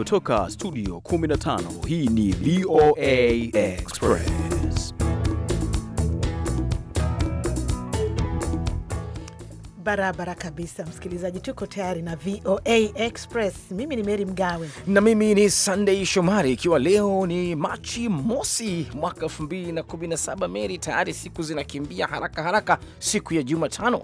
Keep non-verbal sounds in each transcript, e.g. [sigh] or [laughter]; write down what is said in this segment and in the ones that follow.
kutoka studio 15 hii ni VOA Express barabara kabisa msikilizaji tuko tayari na VOA Express mimi ni Mary Mgawe na mimi ni Sunday Shomari ikiwa leo ni Machi mosi mwaka 2017 Mary tayari siku zinakimbia haraka haraka siku ya Jumatano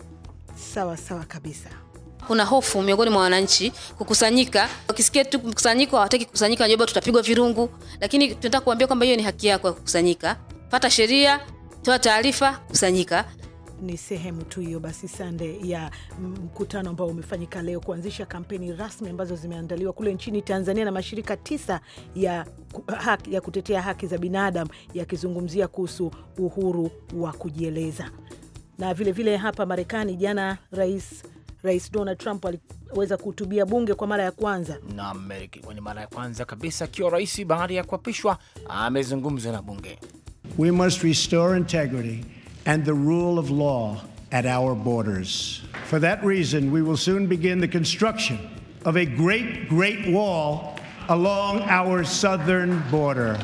sawa sawa kabisa kuna hofu miongoni mwa wananchi kukusanyika. Wakisikia tu mkusanyiko, hawataki kukusanyika, wanajua tutapigwa virungu. Lakini tunataka kuambia kwamba hiyo ni haki yako ya kukusanyika. Pata sheria, toa taarifa, kusanyika ni sehemu tu hiyo basi, Sande, ya mkutano ambao umefanyika leo kuanzisha kampeni rasmi ambazo zimeandaliwa kule nchini Tanzania na mashirika tisa ya, haki, ya kutetea haki za binadamu yakizungumzia kuhusu uhuru wa kujieleza na vilevile vile hapa Marekani jana rais Rais Donald Trump aliweza kuhutubia bunge kwa mara ya kwanza nam kwenye mara ya kwanza kabisa akiwa rais baada ya kuapishwa, amezungumza na bunge. We must restore integrity and the rule of law at our borders. For that reason, we will soon begin the construction of a great, great wall along our southern border.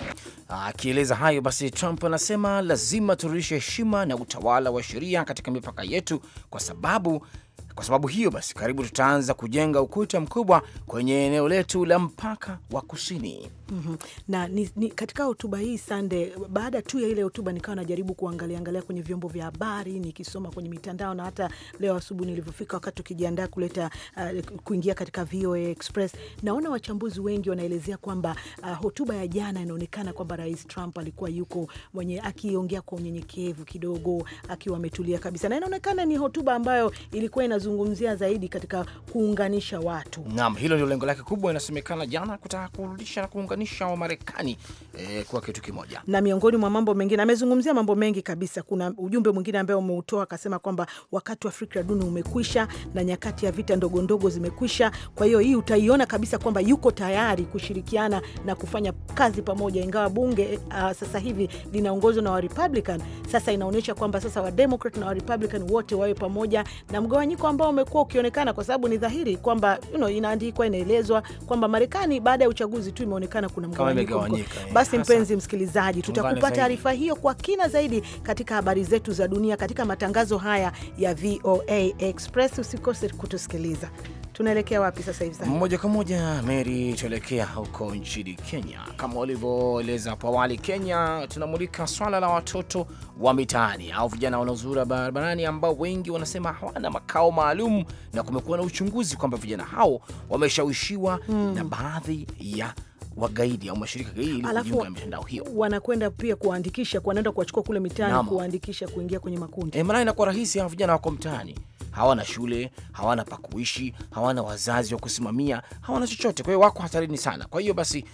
Akieleza hayo basi, Trump anasema lazima turudishe heshima na utawala wa sheria katika mipaka yetu, kwa sababu kwa sababu hiyo basi, karibu tutaanza kujenga ukuta mkubwa kwenye eneo letu la mpaka wa kusini. Mm -hmm. Na ni, ni, katika hotuba hii Sande, baada tu ya ile hotuba nikawa najaribu kuangalia angalia kwenye vyombo vya habari nikisoma kwenye mitandao na hata leo asubuhi nilivyofika, wakati ukijiandaa kuleta uh, kuingia katika VOA Express, naona wachambuzi wengi wanaelezea kwamba uh, hotuba ya jana inaonekana kwamba Rais Trump alikuwa yuko mwenye akiongea kwa unyenyekevu kidogo, akiwa ametulia kabisa, na inaonekana ni hotuba ambayo ilikuwa inazungumzia zaidi katika kuunganisha watu. Naam, hilo ndio lengo lake kubwa, inasemekana jana, kutaka kurudisha na kuunganisha kuwaunganisha Wamarekani eh, kuwa kitu kimoja, na miongoni mwa mambo mengine amezungumzia mambo mengi kabisa. Kuna ujumbe mwingine ambaye umeutoa akasema kwamba wakati wa fikra duni umekwisha na nyakati ya vita ndogo ndogo zimekwisha. Kwa hiyo hii utaiona kabisa kwamba yuko tayari kushirikiana na kufanya kazi pamoja, ingawa bunge uh, sasa hivi linaongozwa na wa Republican. Sasa inaonyesha kwamba sasa wa Democrat na wa Republican wote wawe pamoja, na mgawanyiko ambao umekuwa ukionekana, kwa sababu ni dhahiri kwamba you know, inaandikwa inaelezwa kwamba Marekani baada ya uchaguzi tu imeonekana kuna mgawanyiko, eh, basi mpenzi msikilizaji, tutakupa taarifa hiyo kwa kina zaidi katika habari zetu za dunia katika matangazo haya ya VOA Express. Usikose kutusikiliza. Tunaelekea wapi sasa hivi? Moja kwa moja, Mary, tuelekea huko nchini Kenya. Kama walivyoeleza hapo awali, Kenya tunamulika swala la watoto wa mitaani au vijana wanaozura barabarani, ambao wengi wanasema hawana makao maalum, na kumekuwa na uchunguzi kwamba vijana hao wameshawishiwa mm. na baadhi ya wa gaidi au mashirika gaidi ili kujiunga na mitandao hiyo. Wanakwenda pia kuandikisha, wanaenda kuwachukua kule mitaani kuwaandikisha kuingia kwenye makundi e, maana inakuwa rahisi. Hawa vijana wako mtaani, hawana shule, hawana pa kuishi, hawana wazazi wa kusimamia, hawana chochote, kwa hiyo wako hatarini sana. Kwa hiyo basi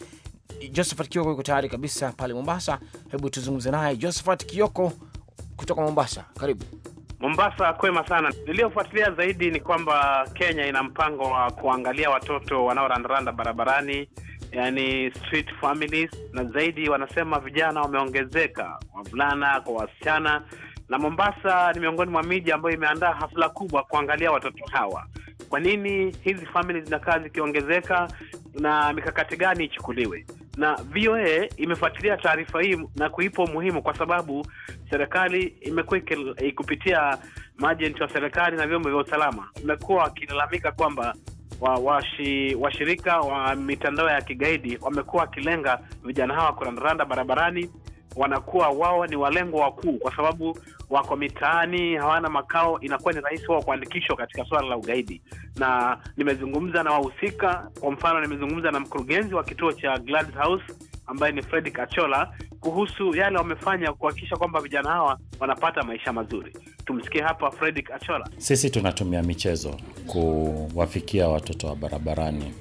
Josephat Kioko yuko tayari kabisa pale Mombasa. Hebu tuzungumze naye Josephat Kioko kutoka Mombasa, karibu. Mombasa kwema sana. Niliyofuatilia zaidi ni kwamba Kenya ina mpango wa kuangalia watoto wanaorandaranda barabarani yani street families, na zaidi wanasema vijana wameongezeka, wavulana kwa wasichana, na Mombasa ni miongoni mwa miji ambayo imeandaa hafla kubwa kuangalia watoto hawa. Kwa nini hizi families zinakaa zikiongezeka na mikakati gani ichukuliwe? Na VOA imefuatilia taarifa hii na kuipa umuhimu kwa sababu serikali imekuwa kupitia majenti wa serikali na vyombo vya usalama imekuwa wakilalamika kwamba washirika wa, wa, wa mitandao ya kigaidi wamekuwa wakilenga vijana hawa kurandaranda barabarani wanakuwa wao ni walengo wakuu, kwa sababu wako mitaani, hawana makao, inakuwa ni rahisi wao kuandikishwa katika suala la ugaidi. Na nimezungumza na wahusika, kwa mfano nimezungumza na mkurugenzi wa kituo cha Gladys House ambaye ni Fred Kachola kuhusu yale wamefanya kuhakikisha kwamba vijana hawa wanapata maisha mazuri. Tumsikie hapa Fred Kachola. Sisi tunatumia michezo kuwafikia watoto wa barabarani.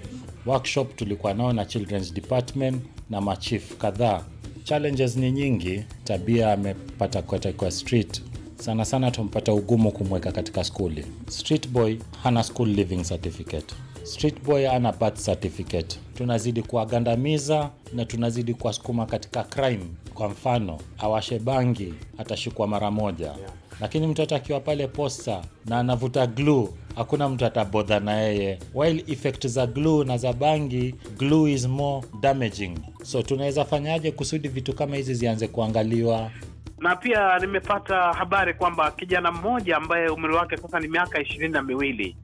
Workshop tulikuwa nao na Children's Department na machief kadhaa Challenges ni nyingi. Tabia amepata kote kwa street, sana sana tumpata ugumu kumweka katika skuli. Street boy hana school living certificate street boy ana birth certificate. Tunazidi kuwagandamiza na tunazidi kuwasukuma katika crime. Kwa mfano, awashe bangi atashikwa mara moja yeah. Lakini mtoto akiwa pale posta na anavuta glue hakuna mtu atabodha na yeye, while effect za glue na za bangi, glue is more damaging. So tunaweza fanyaje kusudi vitu kama hizi zianze kuangaliwa? na pia nimepata habari kwamba kijana mmoja ambaye umri wake sasa ni miaka ishirini na miwili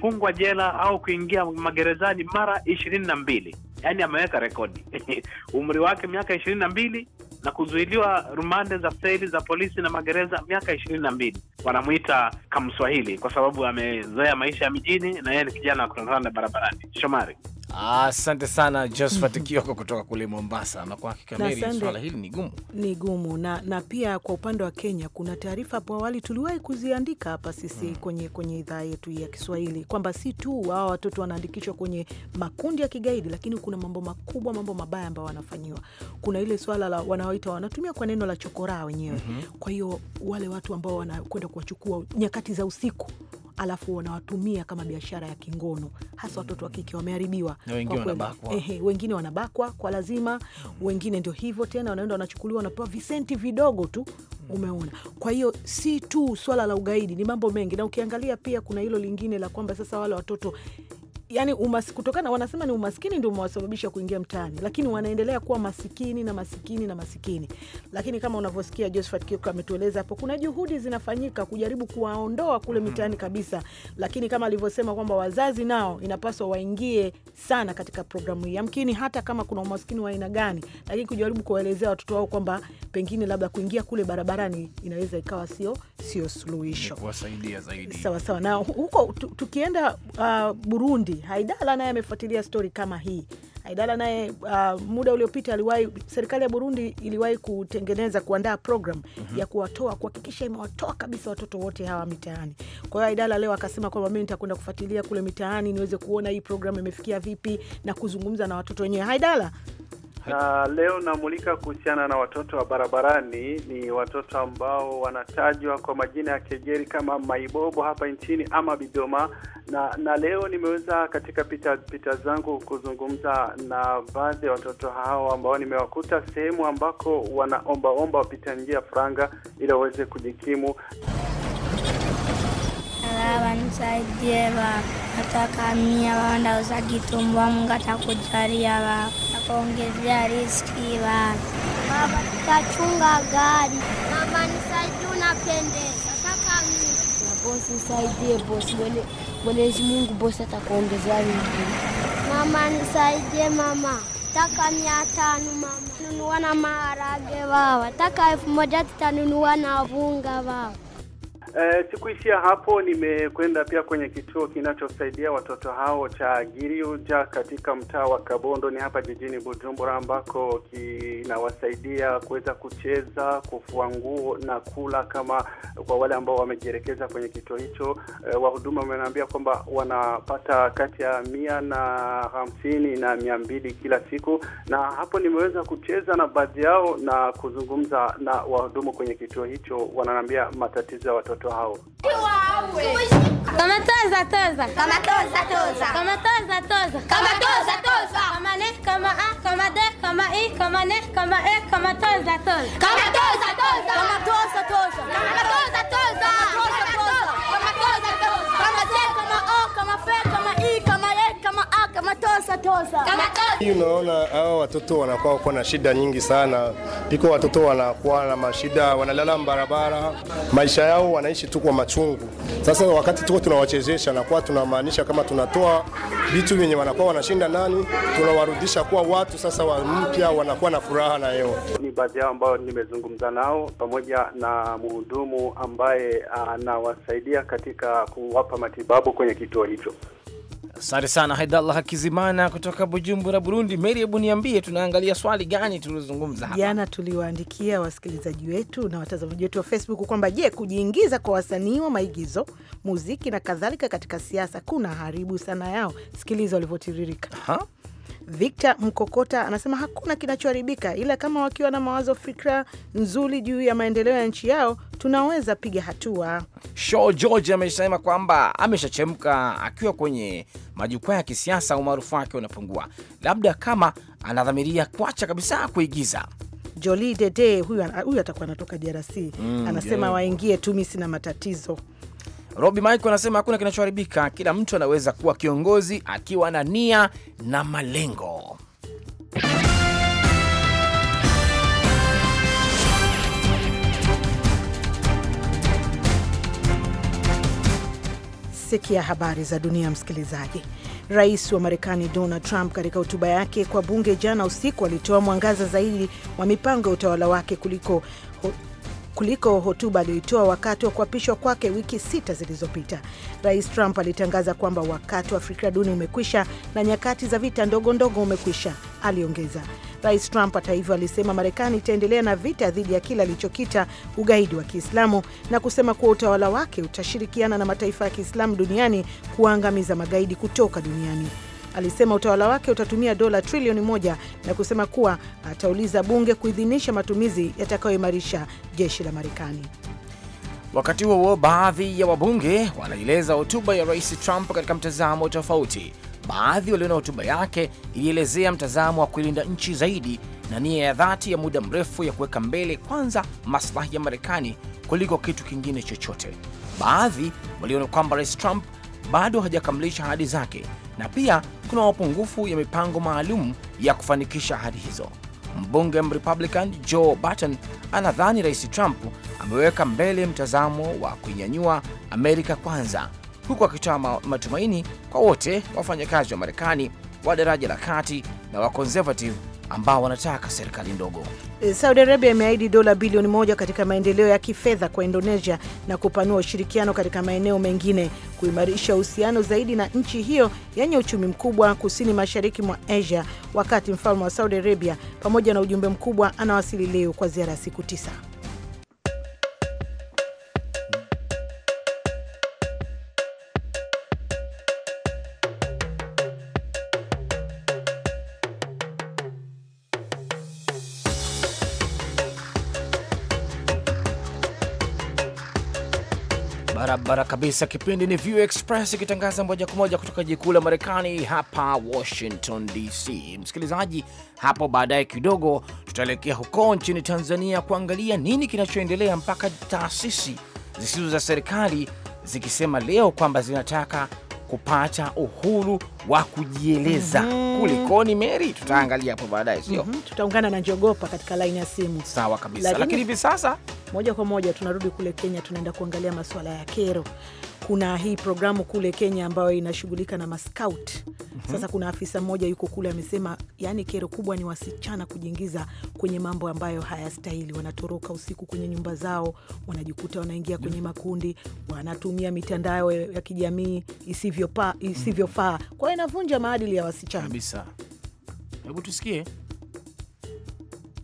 kufungwa jela au kuingia magerezani mara ishirini na mbili yaani ameweka rekodi [laughs] umri wake miaka ishirini na mbili na kuzuiliwa rumande za seli za polisi na magereza miaka ishirini na mbili. Wanamwita Kamswahili kwa sababu amezoea maisha ya mijini na yeye ni kijana wa kutokana na barabarani. Shomari. Asante ah, sana Josphat [laughs] Kioko kutoka kule Mombasa. Na kwa hakika Meri, swala hili ni gumu, ni gumu na, na pia kwa upande wa Kenya kuna taarifa hapo awali tuliwahi kuziandika hapa sisi hmm, kwenye, kwenye idhaa yetu ya Kiswahili kwamba si tu hawa watoto wanaandikishwa kwenye makundi ya kigaidi, lakini kuna mambo makubwa, mambo mabaya ambayo wanafanyiwa. Kuna ile swala la wanaoita wanatumia kwa neno la chokoraa wenyewe mm -hmm. Kwa hiyo wale watu ambao wanakwenda kuwachukua nyakati za usiku alafu wanawatumia kama biashara ya kingono, hasa watoto wa kike wameharibiwa, wengine wanabakwa. kwa lazima, wengine ndio hivyo tena, wanaenda wanachukuliwa, wanapewa visenti vidogo tu Umeona, kwa hiyo si tu swala la ugaidi, ni mambo mengi, na ukiangalia pia kuna hilo lingine la kwamba sasa wale watoto yani umas, kutokana wanasema ni umaskini ndio umewasababisha kuingia mtaani, lakini wanaendelea kuwa masikini na masikini na masikini. Lakini kama unavyosikia Josephat Kioko ametueleza hapo, kuna juhudi zinafanyika kujaribu kuwaondoa kule mhm. mitaani kabisa, lakini kama alivyosema kwamba wazazi nao inapaswa waingie sana katika programu hii, yamkini hata kama kuna umaskini wa aina gani, lakini kujaribu kuwaelezea watoto wao kwamba pengine labda kuingia kule barabarani inaweza ikawa sio sio suluhisho, kuwasaidia zaidi. Sawa sawa, na huko tukienda uh, Burundi Haidala naye amefuatilia stori kama hii. Haidala naye uh, muda uliopita aliwahi, serikali ya Burundi iliwahi kutengeneza kuandaa program mm -hmm. ya kuwatoa kuhakikisha imewatoa kabisa watoto wote hawa mitaani. Kwa hiyo Haidala leo akasema kwamba mii nitakwenda kufuatilia kule mitaani niweze kuona hii program imefikia vipi na kuzungumza na watoto wenyewe. Haidala na leo namulika kuhusiana na watoto wa barabarani. Ni watoto ambao wanatajwa kwa majina ya kejeli kama maibobo hapa nchini ama bidoma, na na leo nimeweza katika pita pita zangu kuzungumza na baadhi ya watoto hao ambao nimewakuta sehemu ambako wanaombaomba wapita njia franga ili waweze kujikimu. wanisaidie wa nataka mia waandauza kitumbua Mungu atakujalia wao kuongezea riski wao. Baba tachunga gari. Mama nisaidie, unapendeza kaka mimi. Na bosi nisaidie bosi, Mwenyezi Mungu bosi atakuongezea riski. Mama nisaidie mama, taka mia tano mama, nunua na maharage baba, taka elfu moja tutanunua na vunga baba. Uh, sikuishia hapo, nimekwenda pia kwenye kituo kinachosaidia watoto hao cha Giriuja katika mtaa wa Kabondo ni hapa jijini Bujumbura, ambako kinawasaidia kuweza kucheza, kufua nguo na kula, kama kwa wale ambao wamejielekeza kwenye kituo hicho. eh, wahuduma wameniambia kwamba wanapata kati ya mia na hamsini na mia mbili kila siku, na hapo nimeweza kucheza na baadhi yao na kuzungumza na wahudumu kwenye kituo hicho, wananiambia matatizo ya watoto watoto hao. Kama tosa tosa. Kama tosa. Unaona hao watoto wanakuwa wako na shida nyingi sana, piko watoto wanakuwa na mashida, wanalala barabara, maisha yao wanaishi tu kwa machungu. Sasa wakati tuko tunawachezesha na kwa tunamaanisha kama tunatoa vitu vyenye wanakuwa wanashinda nani, tunawarudisha kuwa watu sasa wa mpya, wanakuwa na furaha na yao. Ni baadhi yao ambao nimezungumza nao pamoja na mhudumu ambaye anawasaidia katika kuwapa matibabu kwenye kituo hicho. Asante sana Haidallah Hakizimana kutoka Bujumbura, Burundi. Meri, hebu niambie, tunaangalia swali gani tulizungumza hapa jana? Tuliwaandikia wasikilizaji wetu na watazamaji wetu wa Facebook kwamba je, kujiingiza kwa wasanii wa maigizo, muziki na kadhalika katika siasa kuna haribu sana yao? Sikiliza walivyotiririka. Victor Mkokota anasema hakuna kinachoharibika, ila kama wakiwa na mawazo, fikra nzuri juu ya maendeleo ya nchi yao tunaweza piga hatua. Sho George amesema kwamba ameshachemka akiwa kwenye majukwaa ya kisiasa, umaarufu wake unapungua, labda kama anadhamiria kuacha kabisa kuigiza. Jolie Dede huyu, huyu atakuwa anatoka DRC mm, anasema yeah, waingie tu, mi sina matatizo Robi Michael anasema hakuna kinachoharibika, kila mtu anaweza kuwa kiongozi akiwa na nia na malengo. Sikia habari za dunia, msikilizaji. Rais wa Marekani Donald Trump katika hotuba yake kwa bunge jana usiku alitoa mwangaza zaidi wa mipango ya utawala wake kuliko kuliko hotuba aliyoitoa wakati wa kuapishwa kwake wiki sita zilizopita. Rais Trump alitangaza kwamba wakati wa Afrika duni umekwisha na nyakati za vita ndogo ndogo umekwisha, aliongeza. Rais Trump hata hivyo alisema Marekani itaendelea na vita dhidi ya kile alichokita ugaidi wa Kiislamu na kusema kuwa utawala wake utashirikiana na mataifa ya Kiislamu duniani kuwaangamiza magaidi kutoka duniani alisema utawala wake utatumia dola trilioni moja na kusema kuwa atauliza bunge kuidhinisha matumizi yatakayoimarisha jeshi la Marekani. Wakati huo huo, baadhi ya wabunge wanaeleza hotuba ya Rais Trump katika mtazamo tofauti. Baadhi waliona hotuba yake ilielezea mtazamo wa kuilinda nchi zaidi na nia ya dhati ya muda mrefu ya kuweka mbele kwanza maslahi ya Marekani kuliko kitu kingine chochote. Baadhi waliona kwamba Rais Trump bado hajakamilisha ahadi zake na pia kuna mapungufu ya mipango maalum ya kufanikisha ahadi hizo. Mbunge Mrepublican Joe Button anadhani Rais Trump ameweka mbele mtazamo wa kuinyanyua Amerika kwanza, huku akitoa matumaini kwa wote wafanyakazi wa Marekani wa daraja la kati na wa conservative ambao wanataka serikali ndogo. Eh, Saudi Arabia imeahidi dola bilioni moja katika maendeleo ya kifedha kwa Indonesia na kupanua ushirikiano katika maeneo mengine, kuimarisha uhusiano zaidi na nchi hiyo yenye uchumi mkubwa kusini mashariki mwa Asia, wakati mfalme wa Saudi Arabia pamoja na ujumbe mkubwa anawasili leo kwa ziara ya siku tisa. barabara kabisa. Kipindi ni View Express ikitangaza moja kwa moja kutoka jiji kuu la Marekani hapa Washington DC. Msikilizaji, hapo baadaye kidogo tutaelekea huko nchini Tanzania kuangalia nini kinachoendelea, mpaka taasisi zisizo za serikali zikisema leo kwamba zinataka kupata uhuru wa kujieleza mm -hmm. Kulikoni Mary, tutaangalia hapo baadaye, sio mm -hmm. Tutaungana na Jogopa katika laini ya simu. Sawa kabisa, lakini hivi sasa moja kwa moja tunarudi kule Kenya, tunaenda kuangalia masuala ya kero kuna hii programu kule Kenya ambayo inashughulika na maskout. Mhm. Sasa kuna afisa mmoja yuko kule amesema, yani kero kubwa ni wasichana kujiingiza kwenye mambo ambayo hayastahili. Wanatoroka usiku kwenye nyumba zao, wanajikuta wanaingia kwenye makundi, wanatumia mitandao ya kijamii isivyofaa, isivyo kwa hiyo inavunja maadili ya wasichana kabisa. Hebu tusikie.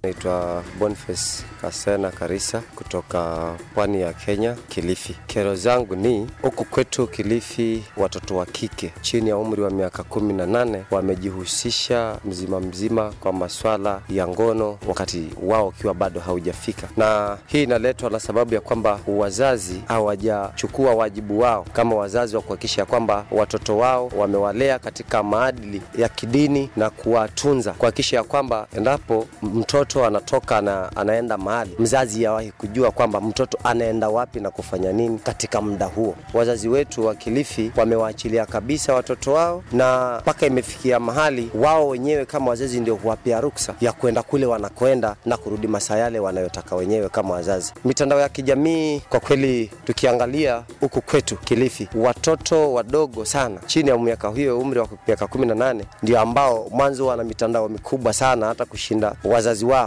Naitwa Boniface Kasena Karisa kutoka pwani ya Kenya, Kilifi. Kero zangu ni huku kwetu Kilifi, watoto wa kike chini ya umri wa miaka kumi na nane wamejihusisha mzima mzima kwa maswala ya ngono, wakati wao ukiwa bado haujafika, na hii inaletwa na sababu ya kwamba wazazi hawajachukua wajibu wao kama wazazi wa kuhakikisha ya kwamba watoto wao wamewalea katika maadili ya kidini na kuwatunza, kuhakikisha ya kwamba endapo mtoto mtoto anatoka na anaenda mahali, mzazi hawahi kujua kwamba mtoto anaenda wapi na kufanya nini katika muda huo. Wazazi wetu wa Kilifi wamewaachilia kabisa watoto wao, na mpaka imefikia mahali wao wenyewe kama wazazi ndio huwapia ruksa ya kwenda kule wanakwenda na kurudi masaa yale wanayotaka wenyewe kama wazazi. Mitandao ya kijamii kwa kweli, tukiangalia huku kwetu Kilifi, watoto wadogo sana chini ya miaka hiyo, umri wa miaka 18 ndio ambao mwanzo wana mitandao mikubwa sana hata kushinda wazazi wao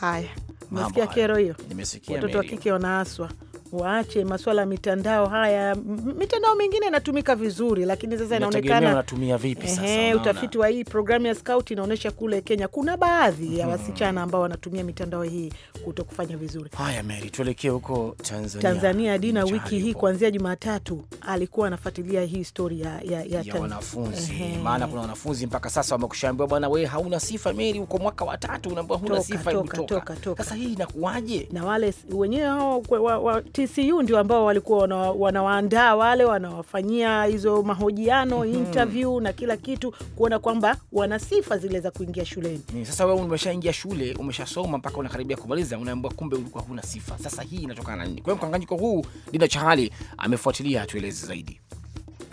Haya, umesikia kero hiyo. Nimesikia watoto wa kike wanaaswa waache maswala ya mitandao haya. Mitandao mingine inatumika vizuri, lakini sasa inaonekana unatumia vipi sasa. Ehe, utafiti wa hii programu ya Scout inaonyesha kule Kenya kuna baadhi ya mm-hmm. wasichana ambao wanatumia mitandao hii kuto kufanya vizuri. Haya Mary, tuelekee huko Tanzania. Tanzania Dina wiki hii kuanzia Jumatatu alikuwa anafuatilia hii story ya, ya, ya, ya wanafunzi, maana kuna wanafunzi mpaka sasa wamekushaambiwa bwana, wewe hauna sifa Mary, uko mwaka wa tatu unaambia huna sifa toka, toka, toka. Sasa hii inakuwaje na wale wenyewe hao TCU ndio ambao walikuwa wanawaandaa wale wanawafanyia hizo mahojiano mm -hmm. interview na kila kitu, kuona kwamba wana sifa zile za kuingia shuleni. sasa wewe umeshaingia shule umeshasoma mpaka unakaribia kumaliza, unaambiwa kumbe ulikuwa huna sifa. Sasa hii inatokana na nini? Kwa hiyo mkanganyiko huu, Dina Chahali amefuatilia, atueleze zaidi.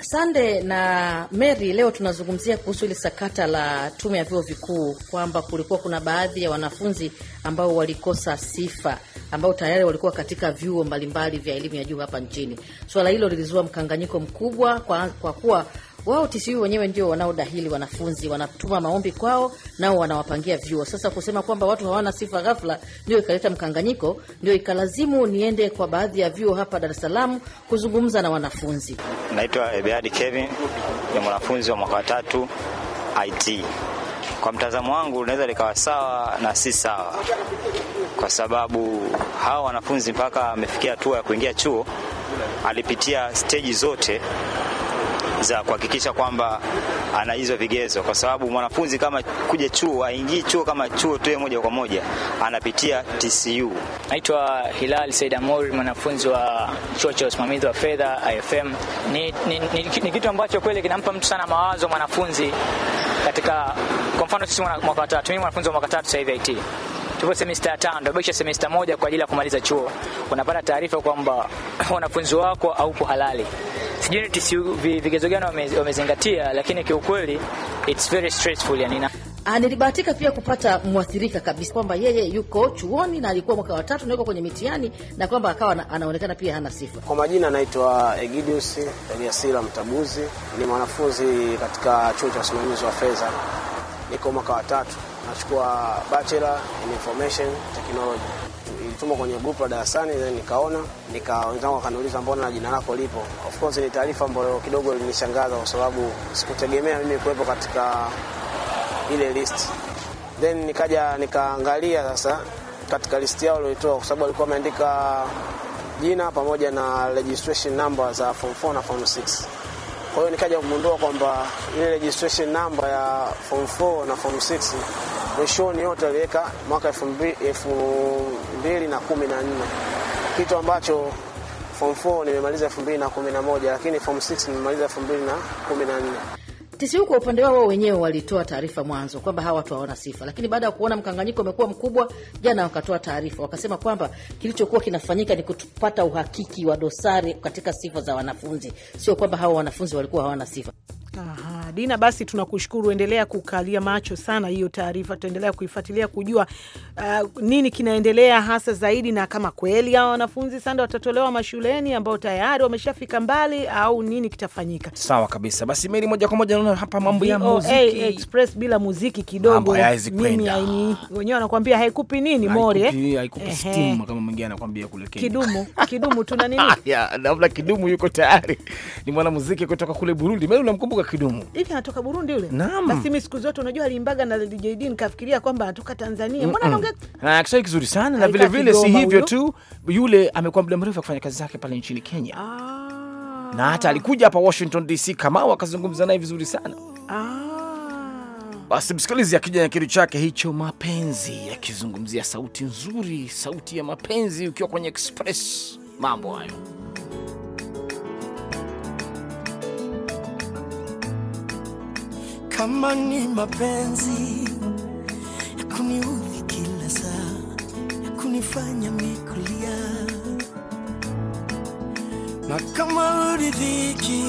Sande na Mary, leo tunazungumzia kuhusu hili sakata la tume ya vyuo vikuu kwamba kulikuwa kuna baadhi ya wanafunzi ambao walikosa sifa ambao tayari walikuwa katika vyuo mbalimbali vya elimu ya juu hapa nchini. Swala hilo lilizua mkanganyiko mkubwa kwa, kwa kuwa wao TCU wenyewe ndio wanaodahili wanafunzi, wanatuma maombi kwao, nao wanawapangia vyuo. Sasa kusema kwamba watu hawana sifa ghafla ndio ikaleta mkanganyiko, ndio ikalazimu niende kwa baadhi ya vyuo hapa Dar es Salaam kuzungumza na wanafunzi. Naitwa Ebeadi Kevin, ni mwanafunzi wa mwaka wa tatu IT. Kwa mtazamo wangu linaweza likawa sawa na si sawa, kwa sababu hawa wanafunzi mpaka amefikia hatua ya kuingia chuo alipitia steji zote za kuhakikisha kwamba ana hizo vigezo, kwa sababu mwanafunzi kama kuja chuo aingii chuo kama chuo tu moja kwa moja, anapitia TCU. Naitwa Hilal Said Amor, mwanafunzi wa chuo cha usimamizi wa fedha IFM. Ni, ni, ni, ni kitu ambacho kweli kinampa mtu sana mawazo mwanafunzi katika, kwa mfano sisi mwaka tatu, mimi mwanafunzi wa mwaka tatu sasa hivi IT tupo semester ya tano, ndio semester moja kwa ajili ya kumaliza chuo, unapata taarifa kwamba [clears throat] wanafunzi wako haupo halali sijui ni vigezo gani wamezingatia lakini kiukweli it's very stressful yani ah, nilibahatika pia kupata mwathirika kabisa kwamba yeye yuko chuoni na alikuwa mwaka wa tatu kwenye mitihani na kwamba akawa anaonekana pia hana sifa. Kwa majina anaitwa Egidius Eliasila Mtabuzi, ni mwanafunzi katika chuo cha usimamizi wa fedha, niko mwaka wa tatu, nachukua bachelor in information technology. Nilitumwa kwenye grupu la darasani, then nikaona nika wenzangu wakaniuliza mbona na jina lako lipo. Of course ni taarifa ambayo kidogo ilinishangaza kwa sababu sikutegemea mimi kuwepo katika ile list. Then nikaja nikaangalia sasa katika listi yao walioitoa, kwa sababu walikuwa wameandika jina pamoja na registration number za form 4 na form 6. Kwa hiyo nikaja kugundua kwamba ile registration number ya form 4 na form 6 mwishoni yote aliweka mwaka elfu mbili na kumi na nne kitu ambacho form 4 nimemaliza moja lakini form 6 nimemaliza nne TCU kwa upande wao wenyewe walitoa taarifa mwanzo kwamba hawa watu hawana sifa, lakini baada ya kuona mkanganyiko umekuwa mkubwa, jana wakatoa taarifa wakasema kwamba kilichokuwa kinafanyika ni kupata uhakiki wa dosari katika sifa za wanafunzi, sio kwamba hawa wanafunzi walikuwa hawana sifa. Aha, Dina, basi tunakushukuru, endelea kukalia macho sana hiyo taarifa, tutaendelea kuifuatilia kujua uh, nini kinaendelea hasa zaidi, na kama kweli hawa wanafunzi sanda watatolewa mashuleni ambao tayari wameshafika mbali au nini kitafanyika. Sawa kabisa, basi Meri, moja kwa moja naona hapa mambo ya muziki express, bila muziki kidogo mimi wenyewe wanakuambia haikupi nini more eh, haikupi steam kama mwingine anakuambia kule Kenya, kidumu kidumu, tuna nini? [laughs] Haya, labda kidumu yuko tayari, ni mwanamuziki kutoka kule Burundi. Mimi unamkumbuka Kidumu Kidumu. Hivi anatoka Burundi yule? Naam. Basi mimi siku zote unajua alimbaga na JD nikafikiria kwamba anatoka Tanzania. Mbona anaongea? Ah, Kiswahili kizuri sana na vile vile si hivyo tu yule amekuwa muda mrefu akifanya kazi zake pale nchini Kenya. Ah. Na hata alikuja hapa Washington DC kama akazungumza naye vizuri sana. Ah. Basi msikilizi akija na kitu chake hicho mapenzi, akizungumzia sauti nzuri, sauti ya mapenzi ukiwa kwenye express, mambo hayo. kama ni mapenzi ya kuniudhi kila saa, ya kunifanya mikulia, na kama uridhiki,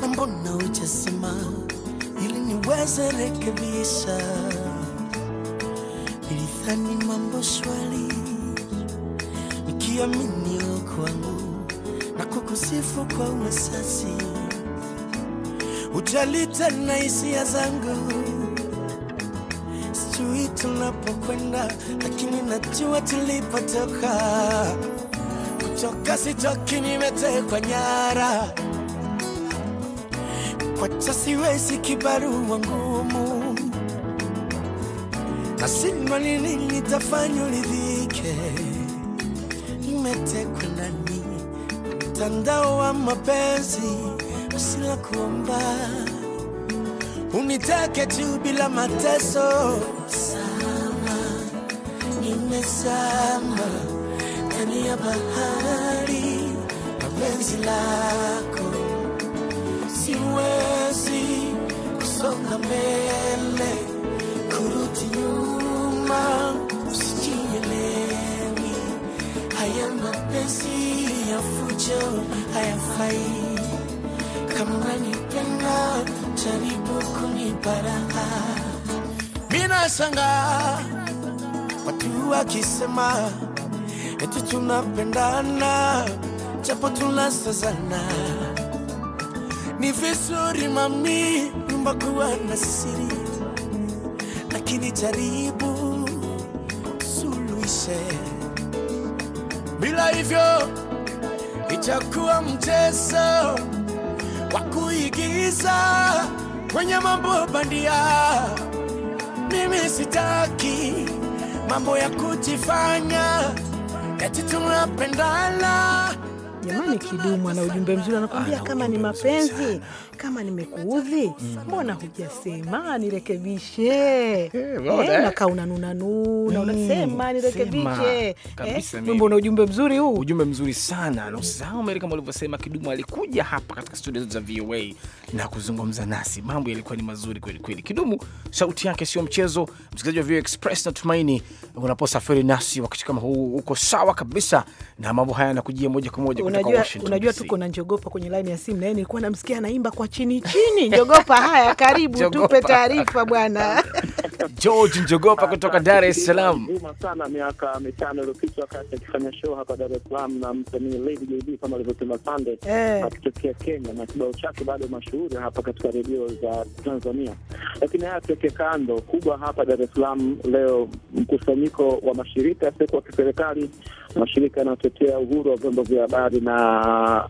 na mbona ujasema ili niweze rekebisha? Nilidhani mambo shwari, nikiamini kwangu na kukusifu kwa uasasi Hujali na hisia zangu, sijui tunapokwenda, lakini najua tulipotoka. Kutoka sitoki, nimetekwa nyara kwacha, siwezi kibarua ngumu, nashindwa nini nitafanya uridhike. Nimetekwa nani? Mtandao wa mapenzi la kuomba unitake tu bila mateso. Sama nimesama ndani ya bahari mapenzi lako, siwezi kusonga mbele kuruti nyuma, usijielewi haya mapenzi ya fujo hayafai kama unanipenda jaribu kunipa raha. watu wakisema etu tunapendana japo tunasazana. Ni vizuri mami, nyumba kuwa na siri, lakini jaribu suluhishe, bila hivyo itakuwa mchezo wa kuigiza kwenye mambo bandia. Mimi sitaki mambo ya kujifanya eti tunapendana Jamani, kidumu ana ujumbe mzuri anakwambia kama ni mapenzi, kama nimekuudhi, mm. mbona mm. hujasema nirekebishe? hey, eh, eh Nakaa unanunanuna, mm, unasema mm. nirekebishe. Eh, wimbo una ujumbe mzuri huu, ujumbe mzuri sana. Na usisahau Meri, kama ulivyosema, kidumu alikuja hapa katika studio za VOA na kuzungumza nasi, mambo yalikuwa ni mazuri kweli kweli. Kidumu, sauti yake sio mchezo. Msikilizaji wa VOA Express, natumaini unaposafiri nasi wakati kama huu uko sawa kabisa na mambo haya yanakujia moja kwa moja unajua, unajua tuko na Njogopa kwenye laini ya simu, naye nilikuwa namsikia anaimba kwa chini chini. Njogopa, haya karibu [laughs] Tupe taarifa bwana [laughs] George Njogopa kutoka Dar es Salaam. Nyuma sana miaka mitano iliyopita wakati akifanya show hapa Dar es Salaam na msanii Lady JB kama alivyosema Sunday eh, akitokea Kenya na kibao chake bado mashuhuri hapa katika redio za Tanzania. Lakini haya tuweke kando, kubwa hapa Dar es Salaam leo mkusanyiko wa mashirika yasiyokuwa kiserikali mashirika yanayotetea uhuru wa vyombo vya habari na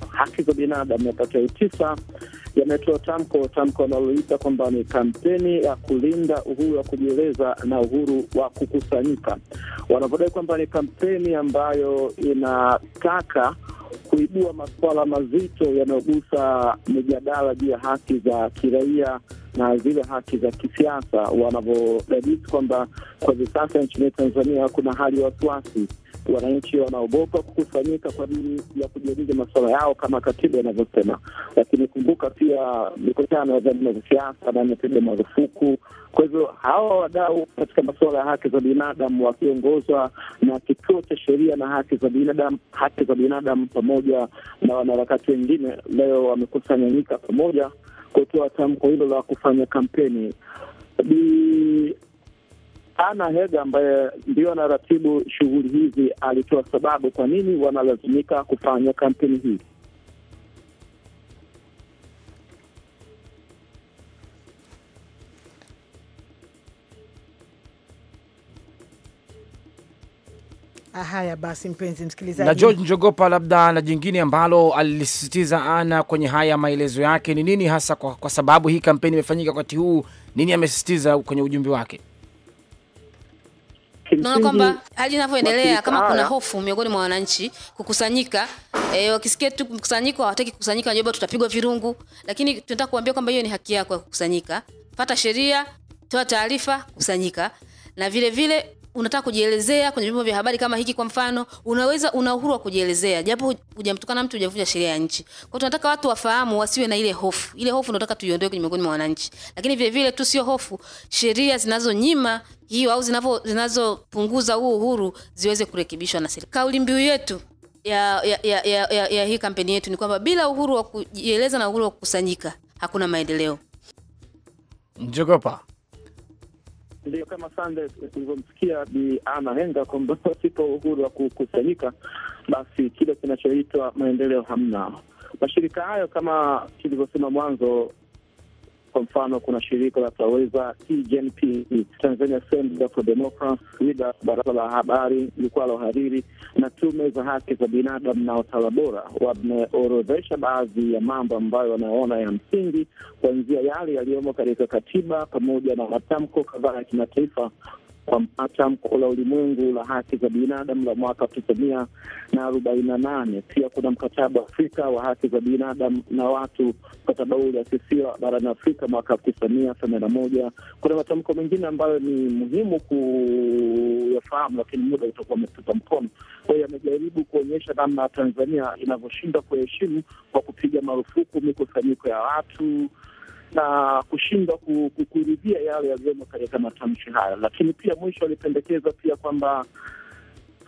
haki za binadamu yapatayo tisa yametoa tamko, tamko analoita kwamba ni kampeni ya kulinda uhuru wa kujieleza na uhuru wa kukusanyika, wanavyodai kwamba ni kampeni ambayo inataka kuibua masuala mazito yanayogusa mijadala juu ya haki za kiraia na zile haki za kisiasa wanavyodadisi kwamba kwa hivi sasa nchini Tanzania kuna hali ya wasiwasi wananchi wanaogopa kukusanyika kwa ajili ya kujadili masuala yao kama katiba inavyosema. Lakini kumbuka pia mikutano ya vyama vya siasa na imepigwa marufuku. Kwa hivyo hawa wadau katika masuala ya haki za binadamu wakiongozwa na kituo cha sheria na haki za binadamu, haki za binadamu pamoja na wanaharakati wengine, leo wamekusanyanyika pamoja kutoa tamko hilo la kufanya kampeni. Bi Ana Hega ambaye ndio anaratibu shughuli hizi alitoa sababu kwa nini wanalazimika kufanya kampeni hii. Ah, haya basi, mpenzi msikilizaji, na George Njogopa, labda na jingine ambalo alisisitiza ana kwenye haya maelezo yake ni nini hasa, kwa, kwa sababu hii kampeni imefanyika wakati huu, nini amesisitiza kwenye ujumbe wake? Naona kwamba hali inavyoendelea, kama kuna hofu miongoni mwa wananchi kukusanyika, eh, wakisikia tu mkusanyiko hawataki kukusanyika, wanajua tutapigwa virungu, lakini tunataka kuambia kwamba hiyo ni haki yako ya kukusanyika. Fata sheria, toa taarifa, kusanyika na vile vile unataka kujielezea kwenye vyombo vya habari kama hiki kwa mfano, unaweza una uhuru wa kujielezea japo hujamtukana mtu, hujavunja sheria ya nchi. Kwa hiyo tunataka watu wafahamu, wasiwe na ile hofu. Ile hofu tunataka tuiondoe kwenye miongoni mwa wananchi, lakini vile vile tu sio hofu, sheria zinazonyima hiyo au zinazo zinazopunguza huo uhuru ziweze kurekebishwa na serikali. Kauli mbiu yetu ya, ya, ya, ya, ya, ya hii kampeni yetu ni kwamba bila uhuru wa kujieleza na uhuru wa kukusanyika hakuna maendeleo. Njogopa. Ndio, kama sande tulivyomsikia Bi Ana Henga kwamba wasipo [laughs] uhuru wa kukusanyika, basi kile kinachoitwa maendeleo hamna. Mashirika hayo kama tulivyosema mwanzo kwa mfano, kuna shirika la Taweza, TGNP, Tanzania Center for Democracy, WIDA, baraza la habari, jukwaa la uhariri na tume za haki za binadamu na watawala bora, wameorodhesha baadhi ya mambo ambayo wanaona ya msingi, kuanzia yale yaliyomo katika katiba pamoja na matamko kadhaa ya kimataifa kwa tamko la ulimwengu la haki za binadamu la mwaka elfu mia na arobaini na nane. Pia kuna mkataba wa Afrika wa haki za binadamu na watu, mkataba huu uliasisiwa barani Afrika mwaka elfu tisamia themanini na moja. Kuna matamko mengine ambayo ni muhimu kuyafahamu, lakini muda utakuwa umetupa mkono. Kwa hiyo amejaribu kuonyesha namna Tanzania inavyoshindwa kuheshimu kwa kupiga marufuku mikusanyiko ya watu na kushindwa kuridhia yale yaliyomo katika matamshi haya. Lakini pia mwisho alipendekeza pia kwamba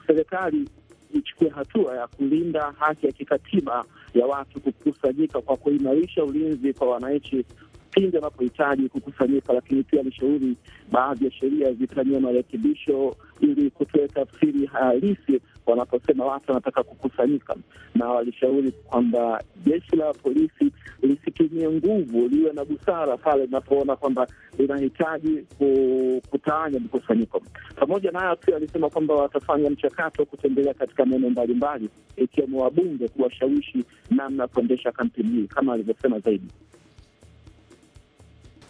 serikali ichukue hatua ya kulinda haki ya kikatiba ya watu kukusanyika kwa kuimarisha ulinzi kwa wananchi pindi wanapohitaji kukusanyika, lakini pia alishauri baadhi ya sheria zifanyia marekebisho ili kutoa tafsiri halisi wanaposema watu wanataka kukusanyika, na walishauri kwamba jeshi la polisi lisitumie nguvu, liwe na busara pale linapoona kwamba linahitaji kutaanya mkusanyiko. Pamoja na hayo, pia walisema kwamba watafanya mchakato kutembelea katika maeneo mbalimbali, ikiwemo wabunge kuwashawishi namna ya kuendesha kampeni hii, kama alivyosema zaidi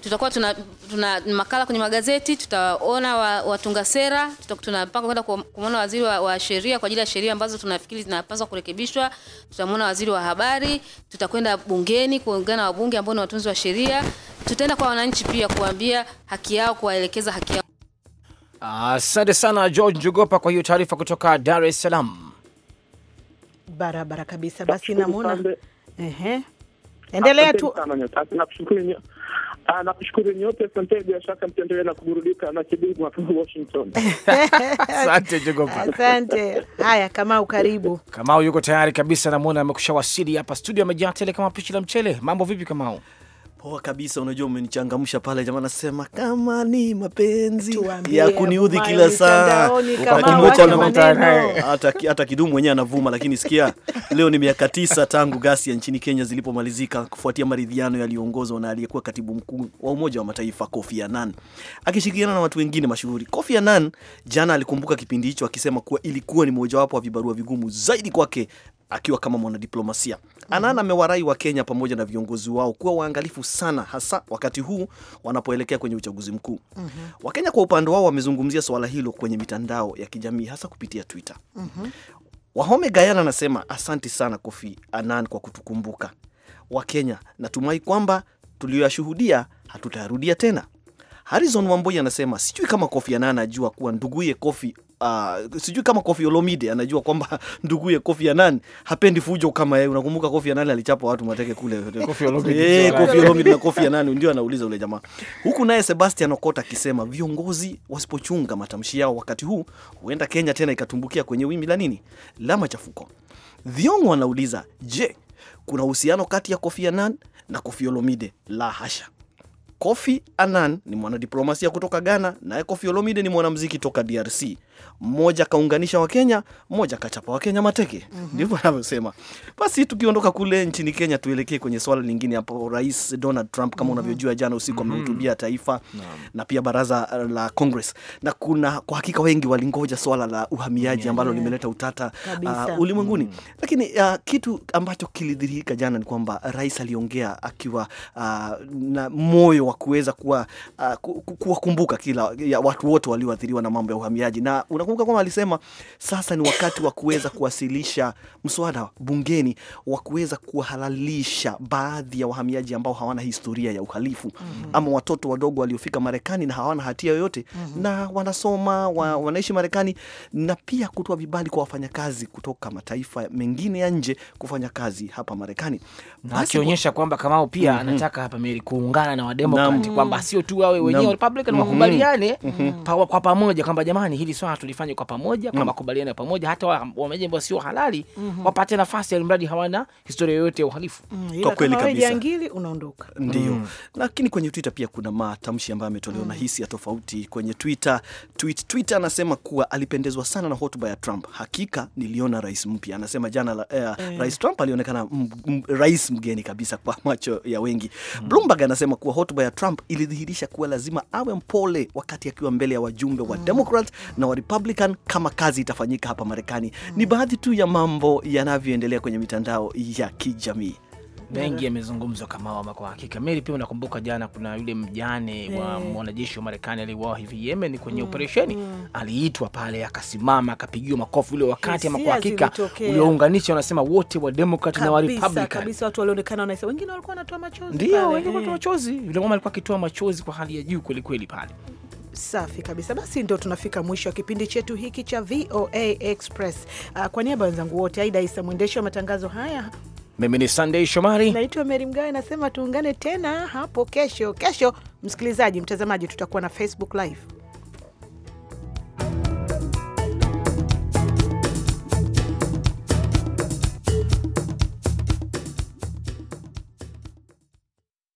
tutakuwa tuna, tuna makala kwenye magazeti, tutaona watunga wa sera, tunapanga kwenda kumwona waziri wa, wa sheria kwa ajili ya sheria ambazo tunafikiri zinapaswa kurekebishwa. Tutamwona waziri wa habari, tutakwenda bungeni kuungana na wabunge ambao ni watunzi wa sheria. Tutaenda kwa wananchi pia kuambia haki yao, kuwaelekeza haki yao. Asante sana George Njogopa kwa hiyo taarifa kutoka Dar es Salaam. Barabara kabisa. Basi namwona Endelea tu. Ah, nakushukuru, nyote, asante. Bila shaka mtaendelea na kuburudika na kidumu Washington. [laughs] Asante Jogopa, asante. Haya, Kamau karibu. Kamau yuko tayari kabisa, namwona amekusha wasili hapa studio, amejaa tele kama pishi la mchele. Mambo vipi Kamau? Poa kabisa, unajua umenichangamsha pale jamaa, nasema kama ni mapenzi ya kuniudhi kila saa, hata hata kidumu mwenyewe anavuma. Lakini sikia leo ni miaka tisa tangu ghasia nchini Kenya zilipomalizika kufuatia maridhiano yaliyoongozwa na aliyekuwa katibu mkuu wa Umoja wa Mataifa Kofi Annan akishirikiana na watu wengine mashuhuri. Kofi Annan jana alikumbuka kipindi hicho akisema kuwa ilikuwa ni mojawapo wa vibarua vigumu zaidi kwake akiwa kama mwanadiplomasia. Anana amewarai wa Kenya pamoja na viongozi wao kuwa waangalifu sana, hasa wakati huu wanapoelekea kwenye uchaguzi mkuu. mm -hmm. Wakenya kwa upande wao wamezungumzia swala hilo kwenye mitandao ya kijamii hasa kupitia Twitter. mm -hmm. Wahome Gayana anasema asanti sana Kofi Anan kwa kutukumbuka Wakenya, natumai kwamba tuliyoyashuhudia hatutayarudia tena. Harizon Wamboi anasema sijui kama Kofi Anan ajua kuwa nduguye Kofi uh, sijui kama Kofi Olomide anajua kwamba [laughs] nduguye Kofi Annan hapendi fujo kama yeye. Unakumbuka Kofi Annan alichapa watu mateke kule [laughs] Kofi Olomide, eh, Kofi Olomide na [laughs] Kofi Annan ndio anauliza ule jamaa huku, naye Sebastian Okota akisema viongozi wasipochunga matamshi yao wakati huu, huenda Kenya tena ikatumbukia kwenye wimbi la nini la machafuko. Thiong'o anauliza je, kuna uhusiano kati ya Kofi Annan na Kofi Olomide? La hasha. Kofi Annan ni mwanadiplomasia kutoka Ghana, naye Kofi Olomide ni mwanamuziki toka DRC mmoja kaunganisha Wakenya, mmoja kachapa Wakenya mateke. mm -hmm. Ndivyo anavyosema. Basi tukiondoka kule nchini Kenya, tuelekee kwenye swala lingine hapo. Rais Donald Trump kama mm -hmm. unavyojua, jana usiku mm -hmm. amehutubia taifa mm -hmm. na pia baraza uh, la Congress, na kuna kwa hakika wengi walingoja swala la uhamiaji ambalo yeah. limeleta utata uh, ulimwenguni mm -hmm. lakini uh, kitu ambacho kilidhihirika jana ni kwamba rais aliongea akiwa uh, na moyo wa kuweza kuwa uh, kuwakumbuka kila ya watu wote walioathiriwa na mambo ya uhamiaji na unakumbuka kwamba alisema sasa ni wakati wa kuweza kuwasilisha mswada bungeni wa kuweza kuwahalalisha baadhi ya wahamiaji ambao hawana historia ya uhalifu mm -hmm. ama watoto wadogo waliofika Marekani na hawana hatia yoyote mm -hmm. na wanasoma wa, wanaishi Marekani na pia kutoa vibali kwa wafanyakazi kutoka mataifa mengine ya nje kufanya kazi hapa Marekani, akionyesha kwamba Kamao pia mm -hmm. anataka hapa Meri kuungana na Wademokrati kwamba sio tu wawe wenyewe Republican mhm. wakubaliane mhm. kwa pamoja kwamba jamani, hili swala tunafaa tulifanya kwa pamoja, kwa makubaliano ya pamoja, hata ambao sio halali mhm. wapate nafasi, alimradi hawana historia yoyote ya uhalifu. Mm, kwa kweli kabisa, unaondoka ndio. Mm. Lakini kwenye Twitter pia kuna matamshi ambayo ametolewa na mm. hisia tofauti kwenye Twitter. Tweet Twitter anasema kuwa alipendezwa sana na hotuba ya Trump. Hakika niliona rais mpya, anasema jana la, eh, eh. Rais Trump alionekana rais mgeni kabisa kwa [laughs] macho ya wengi. Mm. Bloomberg anasema kuwa hotuba ya Trump ilidhihirisha kuwa lazima awe mpole wakati akiwa mbele ya wajumbe wa, wa mm. Democrat na wa Republican kama kazi itafanyika hapa Marekani. Hmm. Ni baadhi tu ya mambo yanavyoendelea kwenye mitandao ya kijamii. Mengi yamezungumzwa kama wama kwa hakika. Meri, pia unakumbuka jana kuna yule mjane hey, wa eh. mwanajeshi wa Marekani aliuawa hivi Yemen kwenye mm, operesheni mm, aliitwa pale akasimama akapigiwa makofi ule wakati, ama kwa hakika uliounganisha, wanasema wote wa Democrat na wa Republican kabisa, watu walionekana wanasema, wengine walikuwa wanatoa machozi, ndio wengine wanatoa eh. machozi, yule mama alikuwa akitoa machozi kwa hali ya juu kwelikweli pale. Safi kabisa. Basi ndo tunafika mwisho wa kipindi chetu hiki cha VOA Express. Ah, kwa niaba ya wenzangu wote, Aida Isa mwendeshi wa matangazo haya, mimi ni sandey Shomari, naitwa Meri Mgawe, nasema tuungane tena hapo kesho. Kesho msikilizaji, mtazamaji, tutakuwa na Facebook Live.